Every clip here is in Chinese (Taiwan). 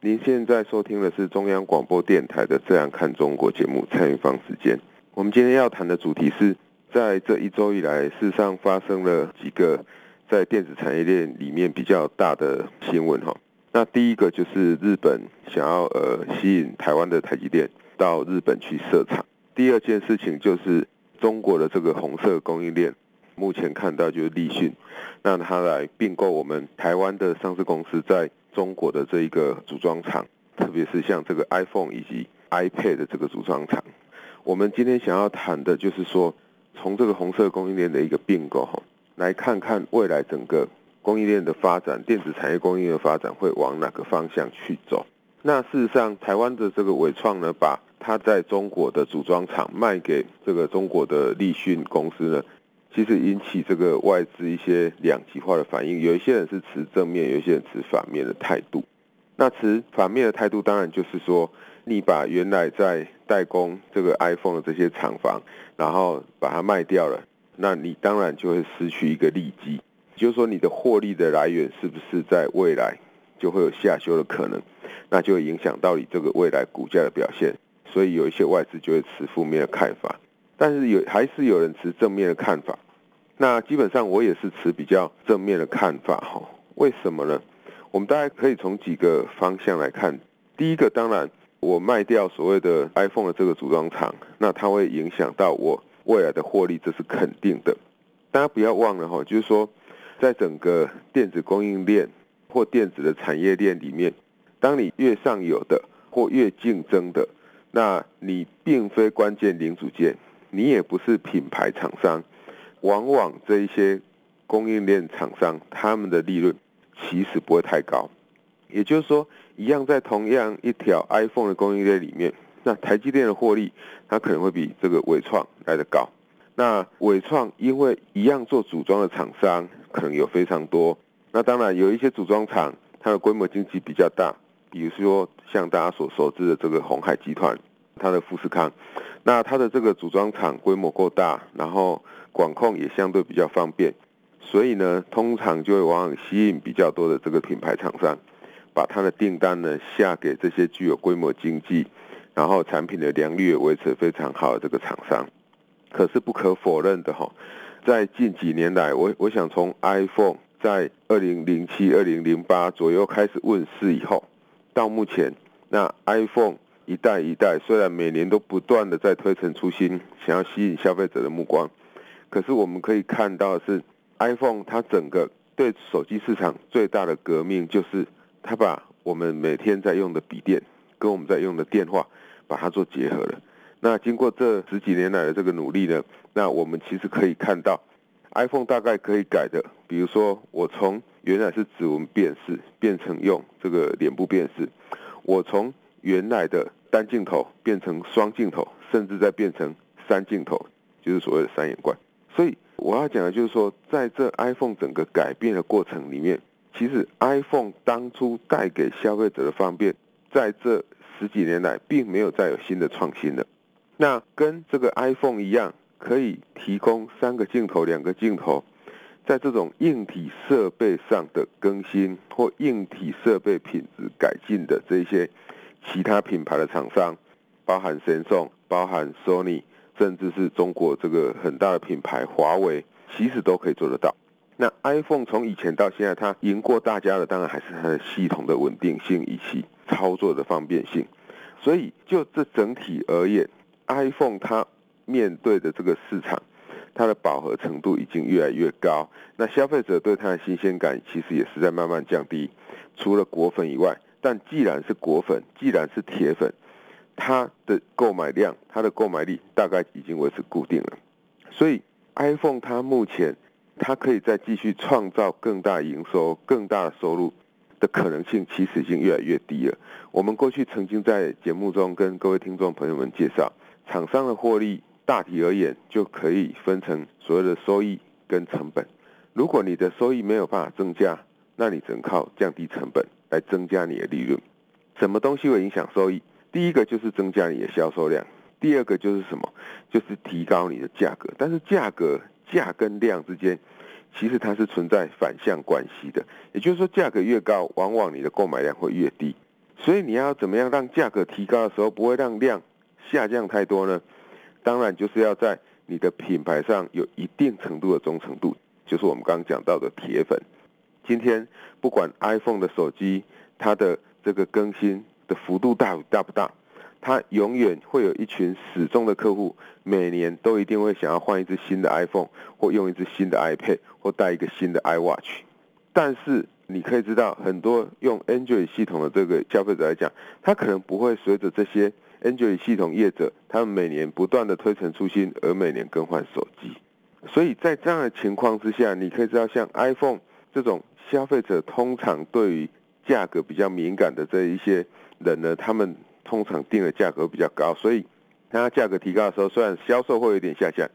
您現在收聽的是中央廣播電台的《這樣看中國》節目，蔡明芳時間。我們今天要談的主題是，在這一周以來，事實上發生了幾個在電子產業鏈裡面比較大的新聞哈。那第一個就是日本想要呃吸引台灣的台積電到日本去設廠。第二件事情就是中國的這個紅色供應鏈，目前看到就是立訊，讓它來併購我們台灣的上市公司在，中國的這一個組裝廠，特別是像這個 iPhone 以及 iPad 的這個組裝廠，我們今天想要談的就是說，從這個紅色供應鏈的一個併購來看看未來整個供應鏈的發展，電子產業供應鏈的發展會往哪個方向去走。那事實上，台灣的這個緯創呢，把它在中國的組裝廠賣給這個中國的立訊公司呢，其實引起這個外資一些兩極化的反應，有一些人是持正面，有一些人持反面的態度。那持反面的態度，當然就是說，你把原來在代工這個 iPhone 的這些廠房，然後把它賣掉了，那你當然就會失去一個利基，就是說你的獲利的來源是不是在未來就會有下修的可能，那就會影響到你這個未來股價的表現。所以有一些外資就會持負面的看法。但是有還是有人持正面的看法，那基本上我也是持比較正面的看法哈。為什麼呢？我們大家可以從幾個方向來看。第一個，當然我賣掉所謂的 iPhone 的這個組裝廠，那它會影響到我未來的獲利，這是肯定的。大家不要忘了哈，就是說，在整個電子供應鏈或電子的產業鏈裡面，當你越上游的或越競爭的，那你並非關鍵零組件。你也不是品牌廠商，往往這一些供應鏈廠商，他們的利潤其實不會太高。也就是說，一樣在同樣一條 iPhone 的供應鏈裡面，那台積電的獲利，它可能會比這個緯創來得高。那緯創因為一樣做組裝的廠商，可能有非常多。那當然有一些組裝廠，它的規模經濟比較大，比如說像大家所熟知的這個鴻海集團，它的富士康。那它的這個組裝廠規模夠大，然後管控也相對比較方便，所以呢，通常就會往往吸引比較多的這個品牌廠商，把它的訂單呢下給這些具有規模經濟，然後產品的良率也維持非常好的這個廠商。可是不可否認的哈，在近幾年來，我我想從 iPhone 在二零零七、二零零八左右開始問世以後，到目前，那 iPhone。一代一代，雖然每年都不斷的在推陳出新，想要吸引消費者的目光，可是我們可以看到的是 iPhone 它整個對手機市場最大的革命，就是它把我們每天在用的筆電跟我們在用的電話把它做結合了。那經過這十幾年來的這個努力呢，那我們其實可以看到，iPhone 大概可以改的，比如說我從原來是指紋辨識變成用這個臉部辨識，我從原來的單鏡頭變成雙鏡頭，甚至再變成三鏡頭，就是所謂的三眼怪。所以我要講的就是說，在這 iPhone 整個改變的過程裡面，其實 iPhone 當初帶給消費者的方便，在這十幾年來並沒有再有新的創新了。那跟這個 iPhone 一樣，可以提供三個鏡頭、兩個鏡頭，在這種硬體設備上的更新或硬體設備品質改進的這些。其他品牌的廠商，包含 Samsung、包含 Sony，甚至是中國這個很大的品牌華為，其實都可以做得到。那 iPhone 從以前到現在，它贏過大家的，當然還是它的系統的穩定性以及操作的方便性。所以就這整體而言，iPhone 它面對的這個市場，它的飽和程度已經越來越高。那消費者對它的新鮮感，其實也是在慢慢降低。除了果粉以外，但既然是果粉，既然是鐵粉，他的購買量、他的購買力大概已經維持固定了。所以，iPhone 它目前，它可以再繼續創造更大營收、更大的收入的可能性，其實已經越來越低了。我們過去曾經在節目中跟各位聽眾朋友們介紹，廠商的獲利大體而言就可以分成所謂的收益跟成本。如果你的收益沒有辦法增加，那你只能靠降低成本。來增加你的利潤，什麼東西會影響收益？第一個就是增加你的銷售量，第二個就是什麼？就是提高你的價格。但是價格價跟量之間，其實它是存在反向關係的。也就是說，價格越高，往往你的購買量會越低。所以你要怎麼樣讓價格提高的時候不會讓量下降太多呢？當然就是要在你的品牌上有一定程度的忠誠度，就是我們剛剛講到的鐵粉。今天不管 iPhone 的手機，它的這個更新的幅度大大不大，它永遠會有一群死忠的客戶，每年都一定會想要換一支新的 iPhone，或用一支新的 iPad，或戴一個新的 iWatch。但是你可以知道，很多用 Android 系統的這個消費者來講，他可能不會隨着這些 Android 系統業者他們每年不斷的推陳出新而每年更換手機。所以在這樣的情況之下，你可以知道像 iPhone 這種。消費者通常對於價格比較敏感的這一些人呢，他們通常定的價格比較高，所以當他價格提高的時候，雖然銷售會有點下降，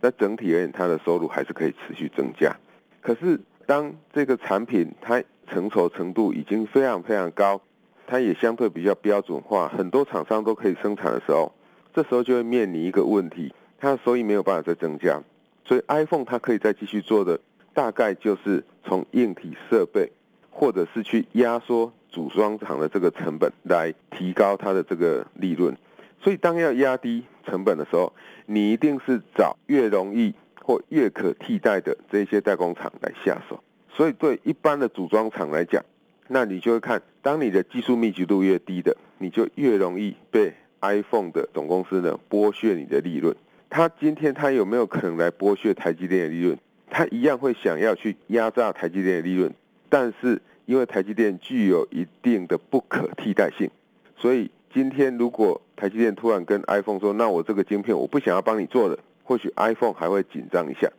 但整體而言，它的收入還是可以持續增加。可是當這個產品它成熟程度已經非常非常高，它也相對比較標準化，很多廠商都可以生產的時候，這時候就會面臨一個問題，它的收益沒有辦法再增加，所以 iPhone 它可以再繼續做的。大概就是從硬體設備，或者是去壓縮組裝廠的這個成本來提高它的這個利潤。所以當要壓低成本的時候，你一定是找越容易或越可替代的這些代工廠來下手。所以對一般的組裝廠來講，那你就會看，當你的技術密集度越低的，你就越容易被 iPhone 的總公司呢剝削你的利潤。他今天他有沒有可能來剝削台積電的利潤？他一樣會想要去壓榨台積電的利潤，但是因為台積電具有一定的不可替代性，所以今天如果台積電突然跟 iPhone 說，那我這個晶片我不想要幫你做了，或許 iPhone 還會緊張一下。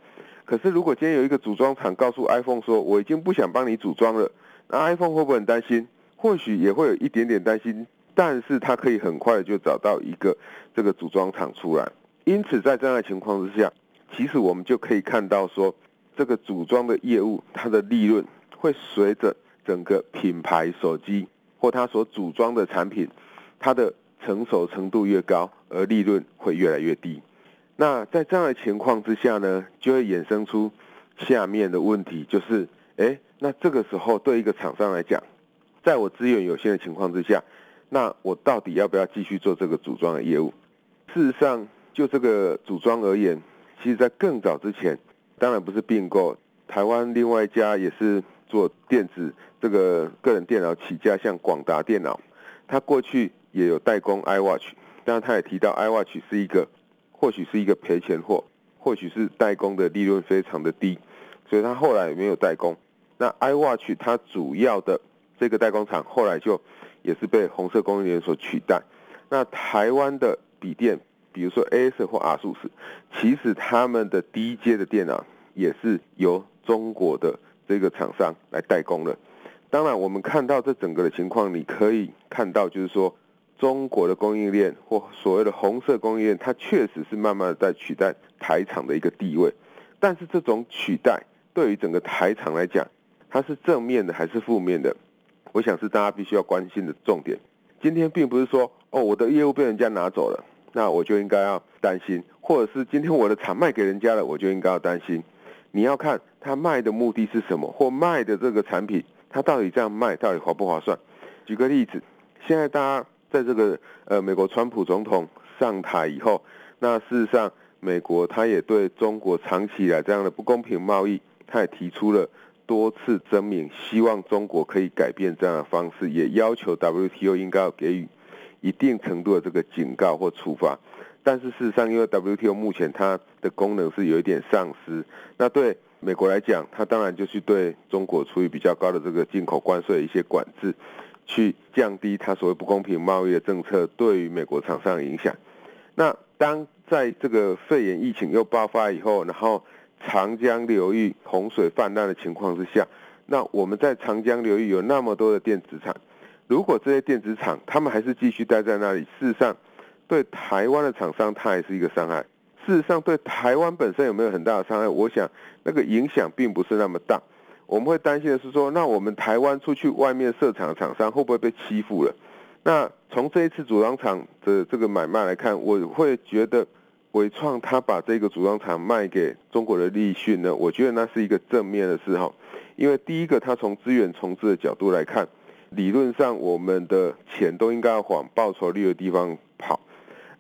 可是如果今天有一個組裝廠告訴 iPhone 說，我已經不想幫你組裝了，那 iPhone 會不會很擔心？或許也會有一點點擔心，但是他可以很快就找到一個這個組裝廠出來。因此在這樣的情況之下，其實我們就可以看到說，說這個組裝的業務，它的利潤會隨着整個品牌手機或它所組裝的產品，它的成熟程度越高，而利潤會越來越低。那在這樣的情況之下呢，就會衍生出下面的問題，就是，誒，那這個時候對一個廠商來講，在我資源有限的情況之下，那我到底要不要繼續做這個組裝的業務？事實上，就這個組裝而言。其實在更早之前，當然不是併購台灣另外一家也是做電子這個個人電腦起家，像廣達電腦，他過去也有代工 iWatch，當然他也提到 iWatch 是一個，或許是一個賠錢貨，或許是代工的利潤非常的低，所以他後來也沒有代工。那 iWatch 它主要的這個代工廠後來就也是被紅色供應鏈所取代。那台灣的筆電。比如說 Acer 或 ASUS，其實他們的低階的電腦也是由中國的這個廠商來代工的。當然，我們看到這整個的情況，你可以看到，就是說中國的供應鏈或所謂的紅色供應鏈，它確實是慢慢的在取代台廠的一個地位。但是，這種取代對於整個台廠來講，它是正面的還是負面的？我想是大家必須要關心的重點。今天並不是說哦，我的業務被人家拿走了。那我就應該要擔心，或者是今天我的廠賣給人家了，我就應該要擔心。你要看他賣的目的是什麼，或賣的這個產品，他到底這樣賣到底划不划算？舉個例子，現在大家在這個呃美國川普總統上台以後，那事實上美國他也對中國長期以來這樣的不公平貿易，他也提出了多次爭議，希望中國可以改變這樣的方式，也要求 WTO 應該要給予。一定程度的這個警告或處罰，但是事實上，因為 WTO 目前它的功能是有一點喪失，那對美國來講，它當然就是對中國處以比較高的這個進口關稅的一些管制，去降低它所謂不公平貿易的政策對於美國廠商的影響。那當在這個肺炎疫情又爆發以後，然後長江流域洪水氾濫的情況之下，那我們在長江流域有那麼多的電子廠。如果這些電子廠他們還是繼續待在那裡，事實上，對台灣的廠商它還是一個傷害。事實上，對台灣本身有沒有很大的傷害？我想那個影響並不是那麼大。我們會擔心的是說，那我們台灣出去外面設廠廠商會不會被欺負了？那從這一次組裝廠的這個買賣來看，我會覺得緯創他把這個組裝廠賣給中國的立訊呢，我覺得那是一個正面的事哈，因為第一個，他從資源重置的角度來看。理論上，我們的錢都應該要往報酬率的地方跑。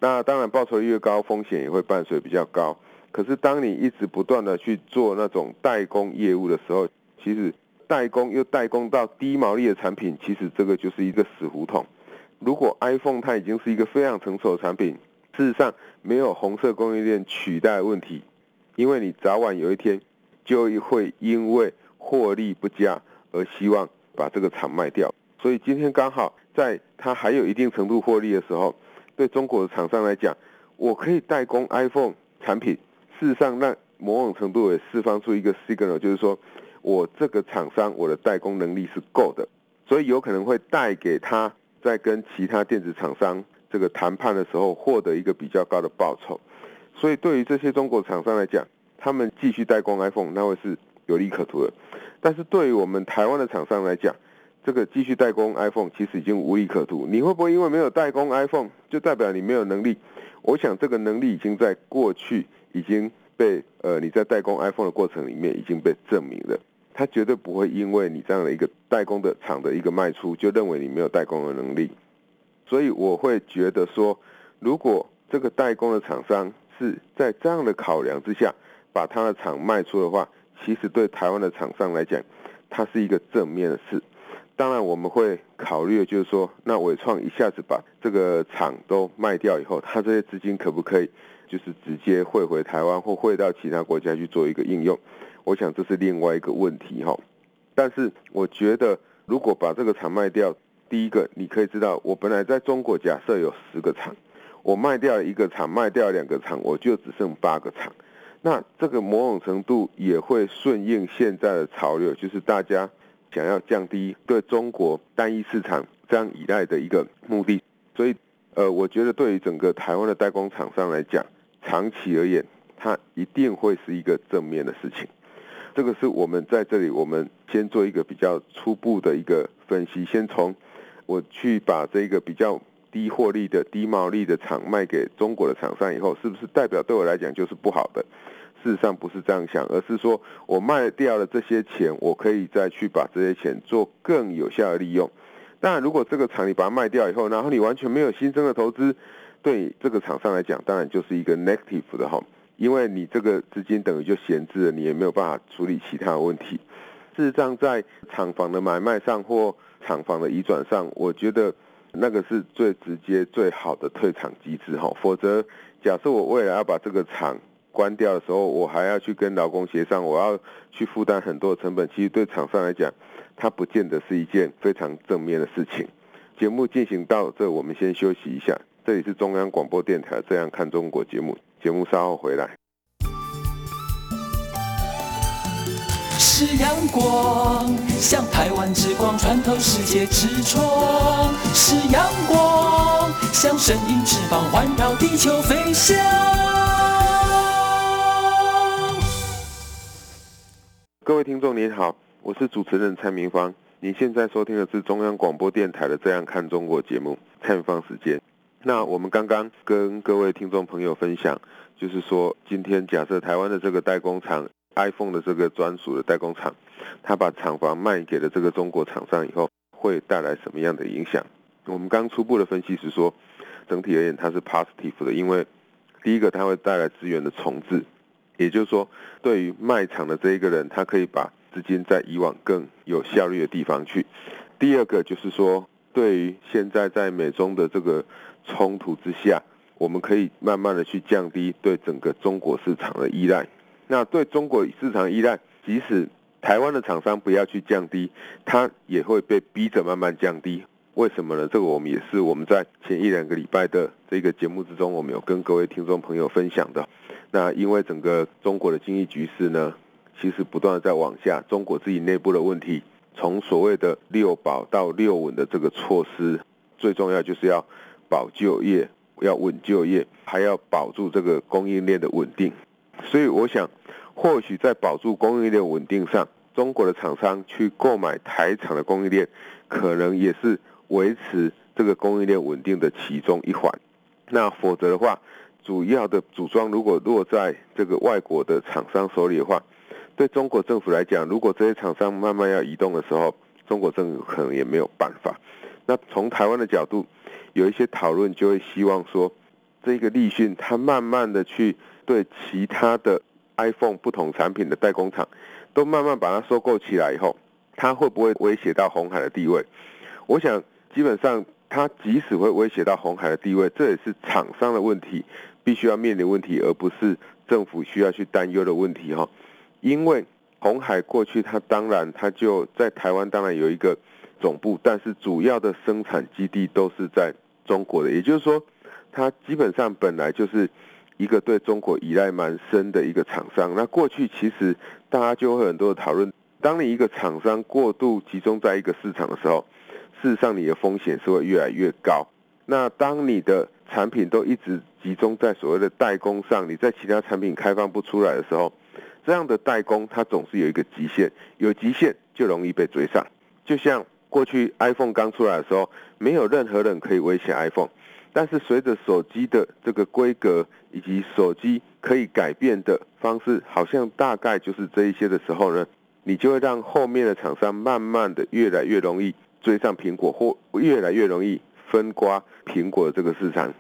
那當然，報酬率越高，風險也會伴隨比較高。可是，當你一直不斷的去做那種代工業務的時候，其實代工又代工到低毛利的產品，其實這個就是一個死胡同。如果 iPhone 它已經是一個非常成熟的產品，事實上沒有紅色供應鏈取代問題，因為你早晚有一天就會因為獲利不佳而希望把這個廠賣掉。所以今天剛好在它還有一定程度獲利的時候，對中國的廠商來講，我可以代工 iPhone 產品，事實上，那某種程度也釋放出一個 signal，就是說我這個廠商，我的代工能力是夠的，所以有可能會帶給他在跟其他電子廠商這個談判的時候，獲得一個比較高的報酬。所以對於這些中國廠商來講，他們繼續代工 iPhone，那會是有利可圖的，但是對於我們台灣的廠商來講，這個繼續代工 iPhone 其實已經無利可圖，你會不會因為沒有代工 iPhone 就代表你沒有能力？我想這個能力已經在過去已經被呃你在代工 iPhone 的過程裡面已經被證明了，他絕對不會因為你這樣的一個代工的廠的一個賣出就認為你沒有代工的能力，所以我會覺得說，如果這個代工的廠商是在這樣的考量之下把他的廠賣出的話，其實對台灣的廠商來講，它是一個正面的事。當然，我們會考慮的，就是說，那緯創一下子把這個廠都賣掉以後，他這些資金可不可以，就是直接匯回台灣，或匯到其他國家去做一個應用？我想這是另外一個問題哈。但是我覺得，如果把這個廠賣掉，第一個你可以知道，我本來在中國假設有十個廠，我賣掉了一個廠，賣掉了兩個廠，我就只剩八個廠。那這個某種程度也會順應現在的潮流，就是大家，想要降低對中國單一市場這樣依賴的一個目的，所以，呃，我覺得對於整個台灣的代工廠商來講，長期而言，它一定會是一個正面的事情。這個是我們在這裡，我們先做一個比較初步的一個分析，先從我去把這個比較低獲利的、低毛利的廠賣給中國的廠商以後，是不是代表對我來講就是不好的？事實上不是這樣想，而是說我賣掉了這些錢，我可以再去把這些錢做更有效的利用。當然，如果這個廠你把它賣掉以後，然後你完全沒有新增的投資，對這個廠商來講，當然就是一個 negative 的哈，因為你這個資金等於就閒置了，你也沒有辦法處理其他的問題。事實上，在廠房的買賣上或廠房的移轉上，我覺得那個是最直接、最好的退場機制哈。否則，假設我未來要把這個廠，關掉的時候，我還要去跟勞工協商，我要去負擔很多成本。其實對廠商來講，它不見得是一件非常正面的事情。節目進行到這，我們先休息一下。這裡是中央廣播電臺《這樣看中國》節目，節目稍後回來。是陽光，像台灣之光穿透世界之窗；是陽光，像神鷹翅膀環繞地球飛翔。各位聽眾您好，我是主持人蔡明芳。您現在收聽的是中央廣播電臺的《這樣看中國》節目，蔡明芳時間。那我們剛剛跟各位聽眾朋友分享，就是說今天假設台灣的這個代工廠 iPhone 的這個專屬的代工廠，他把廠房賣給了這個中國廠商以後，會帶來什麼樣的影響？我們剛初步的分析是說，整體而言它是 positive 的，因為第一個它會帶來資源的重置。也就是說，對於賣廠的這一個人，他可以把資金在以往更有效率的地方去。第二個就是說，對於現在在美中的這個衝突之下，我們可以慢慢的去降低對整個中國市場的依賴。那對中國市場依賴，即使台灣的廠商不要去降低，它也會被逼着慢慢降低。為什麼呢？這個我們也是我們在前一兩個禮拜的這個節目之中，我們有跟各位聽眾朋友分享的。那因為整個中國的經濟局勢呢，其實不斷地在往下。中國自己內部的問題，從所謂的六保到六穩的這個措施，最重要就是要保就業，要穩就業，還要保住這個供應鏈的穩定。所以我想，或許在保住供應鏈的穩定上，中國的廠商去購買台廠的供應鏈，可能也是。維持這個供應鏈穩定的其中一環，那否則的話，主要的組裝如果落在這個外國的廠商手裡的話，對中國政府來講，如果這些廠商慢慢要移動的時候，中國政府可能也沒有辦法。那從台灣的角度，有一些討論就會希望說，這個立訊它慢慢的去對其他的 iPhone 不同產品的代工廠，都慢慢把它收購起來以後，它會不會威脅到鴻海的地位？我想。基本上，它即使會威脅到鴻海的地位，這也是廠商的問題，必須要面臨問題，而不是政府需要去擔憂的問題，哈。因為鴻海過去，它當然它就在台灣，當然有一個總部，但是主要的生產基地都是在中國的，也就是說，它基本上本來就是一個對中國依賴蠻深的一個廠商。那過去其實大家就會很多的討論，當你一個廠商過度集中在一個市場的時候，事實上，你的風險是會越來越高。那當你的產品都一直集中在所謂的代工上，你在其他產品開放不出來的時候，這樣的代工它總是有一個極限，有極限就容易被追上。就像過去 iPhone 剛出來的時候，沒有任何人可以威脅 iPhone，但是隨着手機的這個規格以及手機可以改變的方式，好像大概就是這一些的時候呢，你就會讓後面的廠商慢慢的越來越容易。追上蘋果或越來越容易分瓜蘋果的這個市場，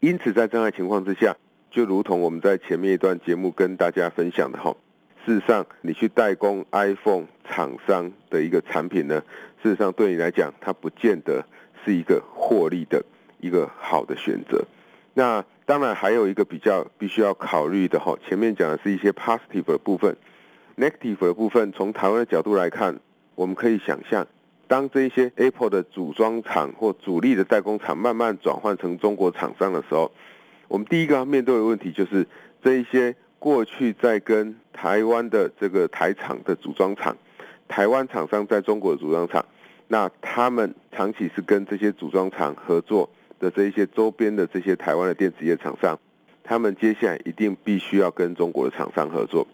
因此在這樣的情況之下，就如同我們在前面一段節目跟大家分享的吼，事實上你去代工 iPhone 廠商的一個產品呢，事實上對你來講，它不見得是一個獲利的一個好的選擇。那當然還有一個比較必須要考慮的吼，前面講的是一些 positive 的部分，negative 的部分，從台灣的角度來看，我們可以想象。當這些 Apple 的組裝廠或主力的代工廠慢慢轉換成中國廠商的時候，我們第一個要面對的問題就是，這一些過去在跟台灣的這個台廠的組裝廠、台灣廠商在中國的組裝廠，那他們長期是跟這些組裝廠合作的，這一些周邊的這些台灣的電子業廠商，他們接下來一定必須要跟中國的廠商合作。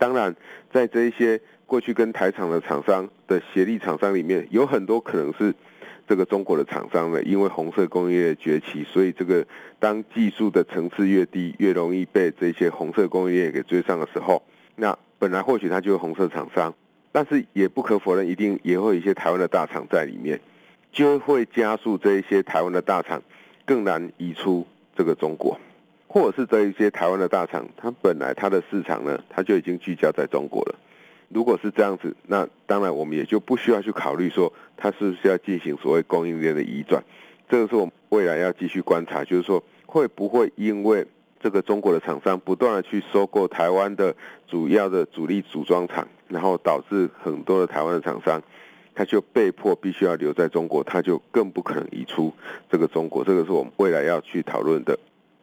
當然，在這一些過去跟台廠的廠商的協力廠商裡面，有很多可能是這個中國的廠商了。因為紅色工業崛起，所以這個當技術的層次越低，越容易被這些紅色工業給追上的時候，那本來或許它就是紅色廠商，但是也不可否認，一定也會有一些台灣的大廠在裡面，就會加速這一些台灣的大廠更難移出這個中國。或者是這一些台灣的大廠，它本來它的市場呢，它就已經聚焦在中國了。如果是這樣子，那當然我們也就不需要去考慮說，它是不是要進行所謂供應鏈的移轉。這個是我們未來要繼續觀察，就是說會不會因為這個中國的廠商不斷的去收購台灣的主要的主力組裝廠，然後導致很多的台灣的廠商，它就被迫必須要留在中國，它就更不可能移出這個中國。這個是我們未來要去討論的。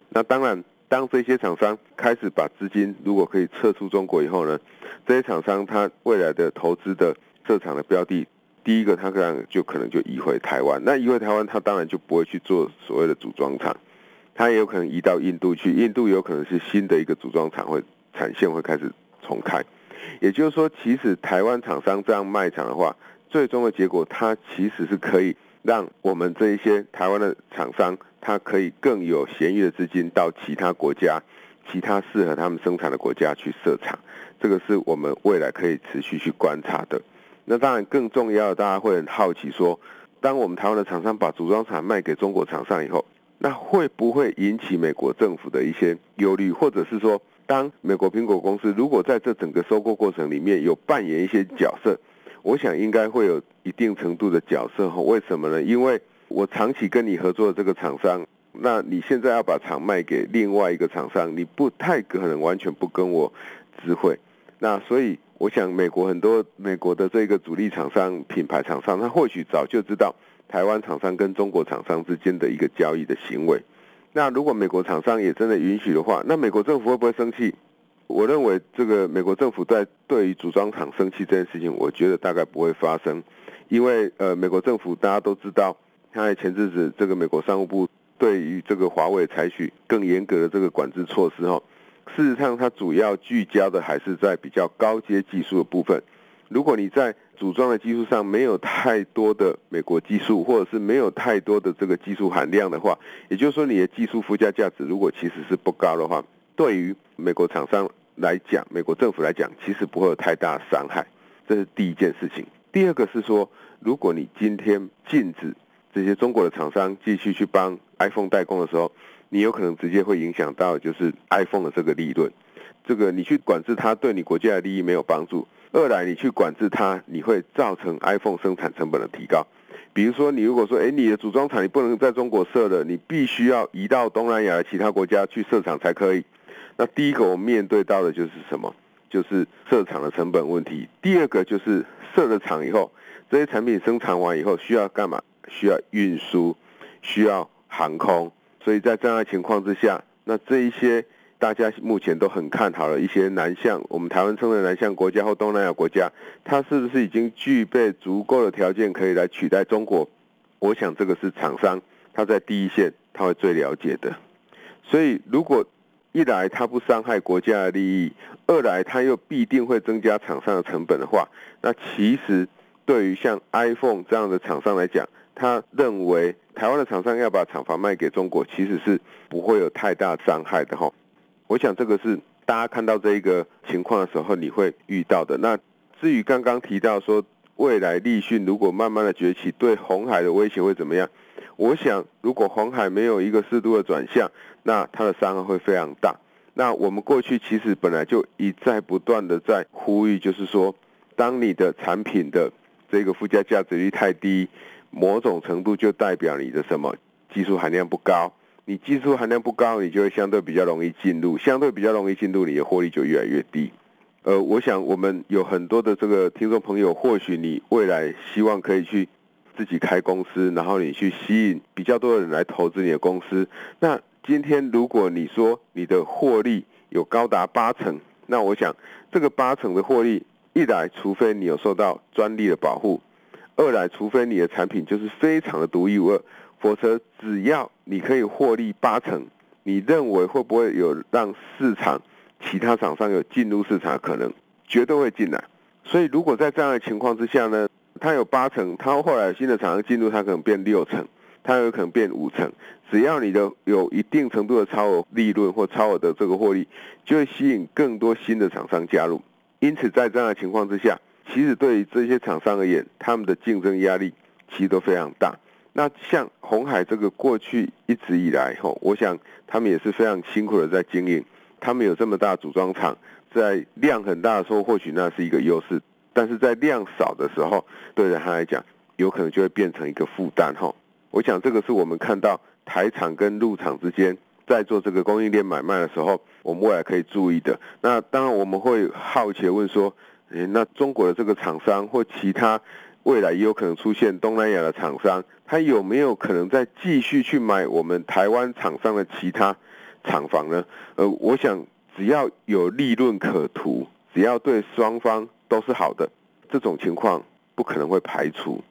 那當然，當這些廠商開始把資金如果可以撤出中國以後呢，這些廠商他未來的投資的設廠的標的，第一個他可能就可能就移回台灣，那移回台灣，他當然就不會去做所謂的組裝廠，他也有可能移到印度去，印度有可能是新的一個組裝廠會產線會開始重開，也就是說，其實台灣廠商這樣賣廠的話，最終的結果，它其實是可以。讓我們這一些台灣的廠商，它可以更有閒餘的資金到其他國家、其他適合他們生產的國家去設廠，這個是我們未來可以持續去觀察的。那當然，更重要的，大家會很好奇說，當我們台灣的廠商把組裝廠賣給中國廠商以後，那會不會引起美國政府的一些憂慮，或者是說，當美國蘋果公司如果在這整個收購過程裡面有扮演一些角色？我想應該會有一定程度的角色，為什麼呢？因為我長期跟你合作的這個廠商，那你現在要把廠賣給另外一個廠商，你不太可能完全不跟我知會。那所以我想，美國很多美國的這個主力廠商、品牌廠商，他或許早就知道台灣廠商跟中國廠商之間的一個交易的行為。那如果美國廠商也真的允許的話，那美國政府會不會生氣？我認為這個美國政府在對於組裝廠生氣這件事情，我覺得大概不會發生，因為呃，美國政府大家都知道，它，前陣子這個美國商務部對於這個華為採取更嚴格的這個管制措施，齁，事實上它主要聚焦的還是在比較高階技術的部分。如果你在組裝的技術上沒有太多的美國技術，或者是沒有太多的這個技術含量的話，也就是說你的技術附加價值如果其實是不高的話，對於美國廠商來講，美國政府來講，其實不會有太大傷害，這是第一件事情。第二個是說，如果你今天禁止這些中國的廠商繼續去幫 iPhone 代工的時候，你有可能直接會影響到就是 iPhone 的這個利潤。這個你去管制它，對你國家的利益沒有幫助。二來，你去管制它，你會造成 iPhone 生產成本的提高。比如說，你如果說，哎，你的組裝廠你不能在中國設了，你必須要移到東南亞的其他國家去設廠才可以。那第一個，我面對到的就是什麼？就是設廠的成本問題。第二個就是設了廠以後，這些產品生產完以後需要幹嘛？需要運輸，需要航空。所以在這樣的情況之下，那這一些大家目前都很看好的一些南向，我們台灣稱為南向國家或東南亞國家，它是不是已經具備足夠的條件可以來取代中國？我想這個是廠商他在第一線他會最了解的。所以如果一來它不傷害國家的利益，二來它又必定會增加廠商的成本的話，那其實對於像 iPhone 這樣的廠商來講，他認為台灣的廠商要把廠房賣給中國，其實是不會有太大傷害的吼。我想這個是大家看到這一個情況的時候，你會遇到的。那至於剛剛提到說，未來立訊如果慢慢的崛起，對鴻海的威脅會怎麼樣？我想，如果紅海沒有一個適度的轉向，那它的傷害會非常大。那我們過去其實本來就一再不斷的在呼籲，就是說，當你的產品的這個附加價值率太低，某種程度就代表你的什麼技術含量不高。你技術含量不高，你就會相對比較容易進入，相對比較容易進入，你的獲利就越來越低。呃，我想我們有很多的這個聽眾朋友，或許你未來希望可以去。自己開公司，然後你去吸引比較多的人來投資你的公司。那今天如果你說你的獲利有高達八成，那我想這個八成的獲利，一來除非你有受到專利的保護，二來除非你的產品就是非常的獨一無二，否則只要你可以獲利八成，你認為會不會有讓市場其他廠商有進入市場的可能？絕對會進來。所以如果在這樣的情況之下呢，它有八成，它後來新的廠商進入，它可能變六成，它有可能變五成。只要你的有一定程度的超額利潤或超額的這個獲利，就會吸引更多新的廠商加入。因此，在這樣的情況之下，其實對於這些廠商而言，他們的競爭壓力其實都非常大。那像鴻海這個過去一直以來，吼，我想他們也是非常辛苦的在經營。他們有這麼大組裝廠，在量很大的時候，或許那是一個優勢。但是在量少的時候，對人他來講，有可能就會變成一個負擔。我想這個是我們看到台廠跟陸廠之間在做這個供應鏈買賣的時候，我們未來可以注意的。那當然我們會好奇問說，那中國的這個廠商或其他未來也有可能出現東南亞的廠商，他有沒有可能再繼續去買我們台灣廠商的其他廠房呢？我想只要有利潤可圖，只要對雙方。都是好的，這種情況不可能會排除，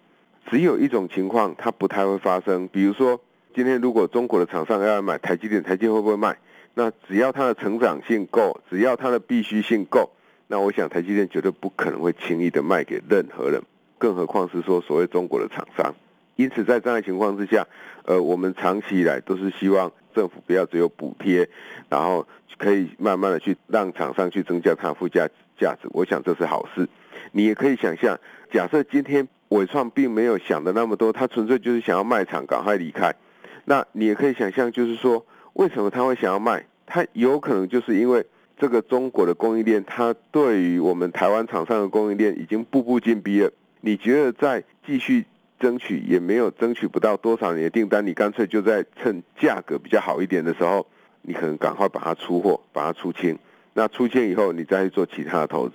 只有一種情況它不太會發生，比如說今天如果中國的廠商要買台積電，台積電，電會不會賣？那只要它的成長性夠，只要它的必需性夠，那我想台積電絕對不可能會輕易的賣給任何人，更何況是說所謂中國的廠商。因此在這樣的情況之下，呃，我們長期以來都是希望政府不要只有補貼，然後可以慢慢的去讓廠商去增加它的附加值。價值，我想這是好事。你也可以想象，假設今天偉創並沒有想的那麼多，他純粹就是想要賣廠，趕快離開。那你也可以想象，就是說，為什麼他會想要賣？他有可能就是因為這個中國的供應鏈，他對於我們台灣廠商的供應鏈已經步步進逼了。你覺得再繼續爭取也沒有爭取不到多少年的訂單，你乾脆就在趁價格比較好一點的時候，你可能趕快把它出貨，把它出清。那出現以後，你再去做其他的投資，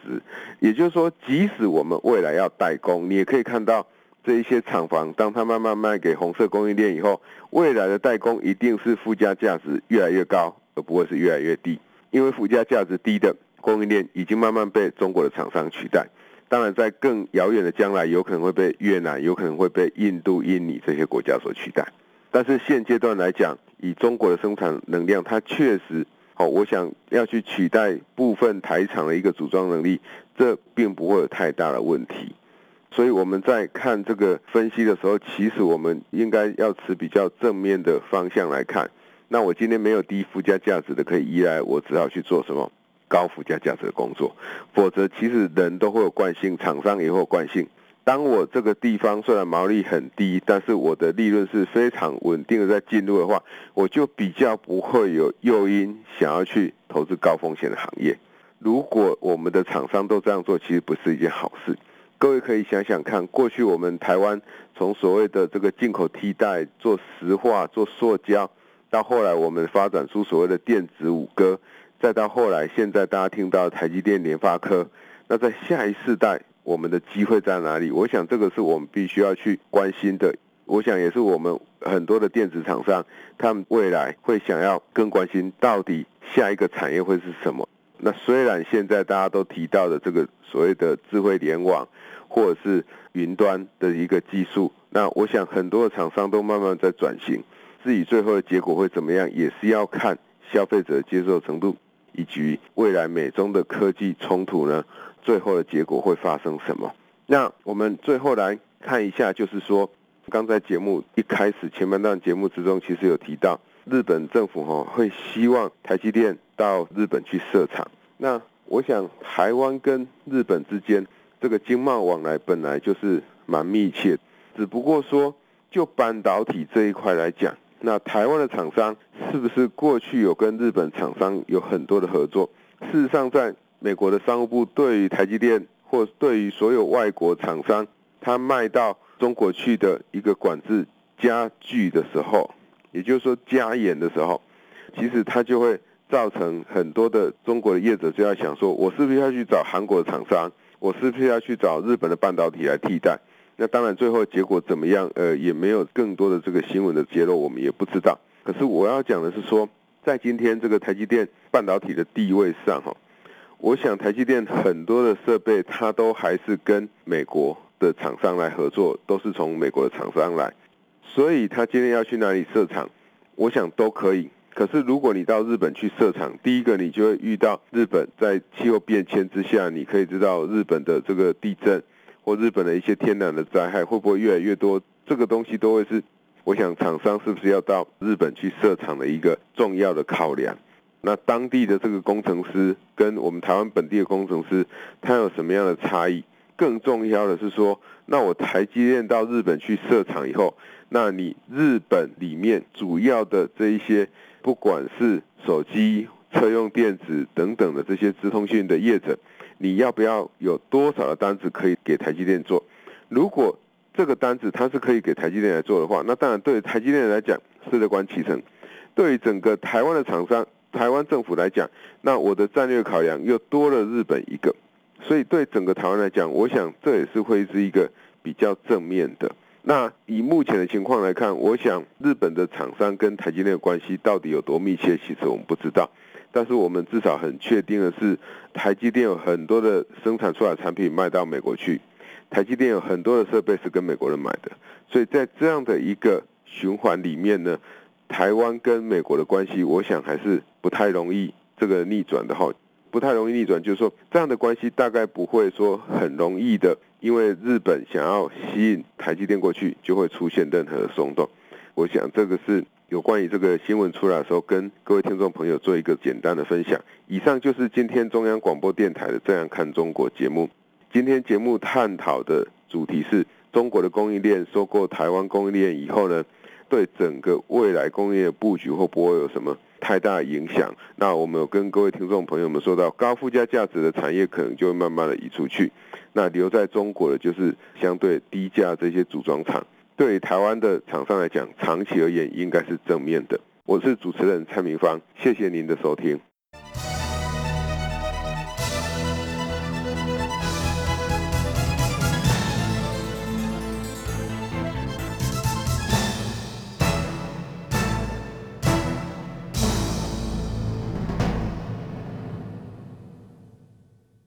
也就是說，即使我們未來要代工，你也可以看到這一些廠房，當它慢慢賣給紅色供應鏈以後，未來的代工一定是附加價值越來越高，而不會是越來越低，因為附加價值低的供應鏈已經慢慢被中國的廠商取代。當然，在更遙遠的將來，有可能會被越南，有可能會被印度、印尼這些國家所取代。但是現階段來講，以中國的生產能量，它確實。我想要去取代部分台廠的一個組裝能力，這並不會有太大的問題。所以我們在看這個分析的時候，其實我們應該要持比較正面的方向來看。那我今天沒有低附加價值的可以依賴，我只好去做什麼高附加價值的工作，否則其實人都會有慣性，廠商也會有慣性。當我這個地方雖然毛利很低，但是我的利潤是非常穩定的在進入的話，我就比較不會有誘因想要去投資高風險的行業。如果我們的廠商都這樣做，其實不是一件好事。各位可以想想看，過去我們台灣從所謂的這個進口替代做石化、做塑膠，到後來我們發展出所謂的電子五哥，再到後來現在大家聽到台積電、聯發科，那在下一世代。我們的機會在哪裡？我想這個是我們必須要去關心的。我想也是我們很多的電子廠商，他們未來會想要更關心到底下一個產業會是什麼。那雖然現在大家都提到的這個所謂的智慧聯網，或者是雲端的一個技術，那我想很多的廠商都慢慢在轉型。至於最後的結果會怎麼樣，也是要看消費者接受程度，以及未來美中的科技衝突呢。最後的結果會發生什麼？那我們最後來看一下，就是說，剛才節目一開始前半段節目之中，其實有提到日本政府哈會希望台積電到日本去設廠。那我想台灣跟日本之間這個經貿往來本來就是蠻密切，只不過說就半導體這一塊來講，那台灣的廠商是不是過去有跟日本廠商有很多的合作？事實上在美國的商務部對於台積電或對於所有外國廠商，它賣到中國去的一個管制加劇的時候，也就是說加嚴的時候，其實它就會造成很多的中國的業者就要想說，我是不是要去找韓國的廠商，我是不是要去找日本的半導體來替代？那當然最後結果怎麼樣，呃，也沒有更多的這個新聞的揭露，我們也不知道。可是我要講的是說，在今天這個台積電半導體的地位上，哈。我想台積電很多的設備，它都還是跟美國的廠商來合作，都是從美國的廠商來。所以他今天要去哪裡設廠，我想都可以。可是如果你到日本去設廠，第一個你就會遇到日本在氣候變遷之下，你可以知道日本的這個地震或日本的一些天然的災害會不會越來越多，這個東西都會是，我想廠商是不是要到日本去設廠的一個重要的考量。那當地的這個工程師跟我們台灣本地的工程師，他有什麼樣的差異？更重要的是說，那我台積電到日本去設廠以後，那你日本裡面主要的這一些，不管是手機、車用電子等等的這些資通訊的業者，你要不要有多少的單子可以給台積電做？如果這個單子它是可以給台積電來做的話，那當然對台積電來講是樂觀其成，對於整個台灣的廠商。台灣政府來講，那我的戰略考量又多了日本一個，所以對整個台灣來講，我想這也是會是一個比較正面的。那以目前的情況來看，我想日本的廠商跟台積電的關係到底有多密切，其實我們不知道。但是我們至少很確定的是，台積電有很多的生產出來的產品賣到美國去，台積電有很多的設備是跟美國人買的，所以在這樣的一個循環裡面呢。台灣跟美國的關係，我想還是不太容易這個逆轉的哈，不太容易逆轉，就是說這樣的關係大概不會說很容易的，因為日本想要吸引台積電過去，就會出現任何鬆動。我想這個是有關於這個新聞出來的時候，跟各位聽眾朋友做一個簡單的分享。以上就是今天中央廣播電台的《這樣看中國》節目。今天節目探討的主題是中國的供應鏈收購台灣供應鏈以後呢，對整個未來工業布局會不會有什麼太大影響？那我們有跟各位聽眾朋友們說到，高附加價值的產業可能就會慢慢的移出去，那留在中國的就是相對低價這些組裝廠。對台灣的廠商來講，長期而言應該是正面的。我是主持人蔡明芳，謝謝您的收聽。